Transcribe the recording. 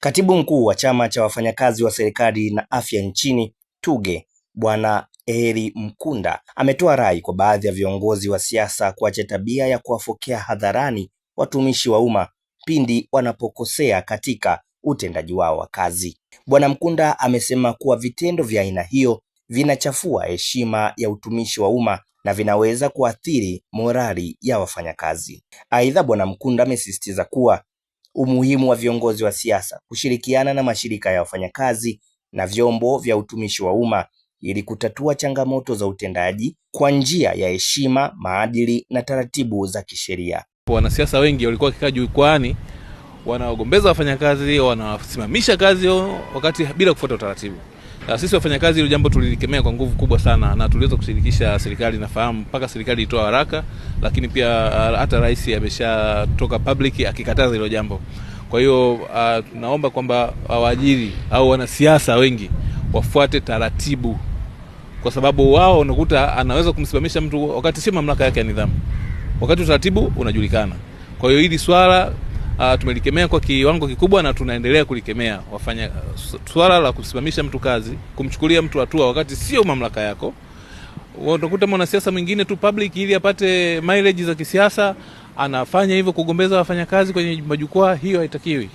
Katibu mkuu wa chama cha wafanyakazi wa serikali na afya nchini TUGHE Bwana eri Mkunda ametoa rai kwa baadhi ya viongozi wa siasa kuacha tabia ya kuwafokea hadharani watumishi wa umma pindi wanapokosea katika utendaji wao wa kazi. Bwana Mkunda amesema kuwa vitendo vya aina hiyo vinachafua heshima ya utumishi wa umma na vinaweza kuathiri morali ya wafanyakazi. Aidha, Bwana Mkunda amesisitiza kuwa umuhimu wa viongozi wa siasa kushirikiana na mashirika ya wafanyakazi na vyombo vya utumishi wa umma ili kutatua changamoto za utendaji kwa njia ya heshima, maadili na taratibu za kisheria. Wanasiasa wengi walikuwa wakikaa jukwani wanaogombeza wafanyakazi, wanawasimamisha kazi wakati bila kufuata utaratibu. Ah, sisi wafanyakazi hilo jambo tulilikemea kwa nguvu kubwa sana, na tuliweza kushirikisha serikali. Nafahamu mpaka serikali itoa haraka, lakini pia ah, hata rais ameshatoka public akikataza hilo jambo. Kwa hiyo uh, ah, naomba kwamba waajiri au wanasiasa wengi wafuate taratibu, kwa sababu wao unakuta anaweza kumsimamisha mtu wakati si mamlaka yake ya nidhamu, wakati utaratibu unajulikana. Kwa hiyo hili swala uh, tumelikemea kwa kiwango kikubwa na tunaendelea kulikemea wafanya uh, swala la kusimamisha mtu kazi, kumchukulia mtu hatua wakati sio mamlaka yako. Utakuta mwanasiasa mwingine tu public ili apate mileage za kisiasa anafanya hivyo kugombeza wafanyakazi kwenye majukwaa, hiyo haitakiwi.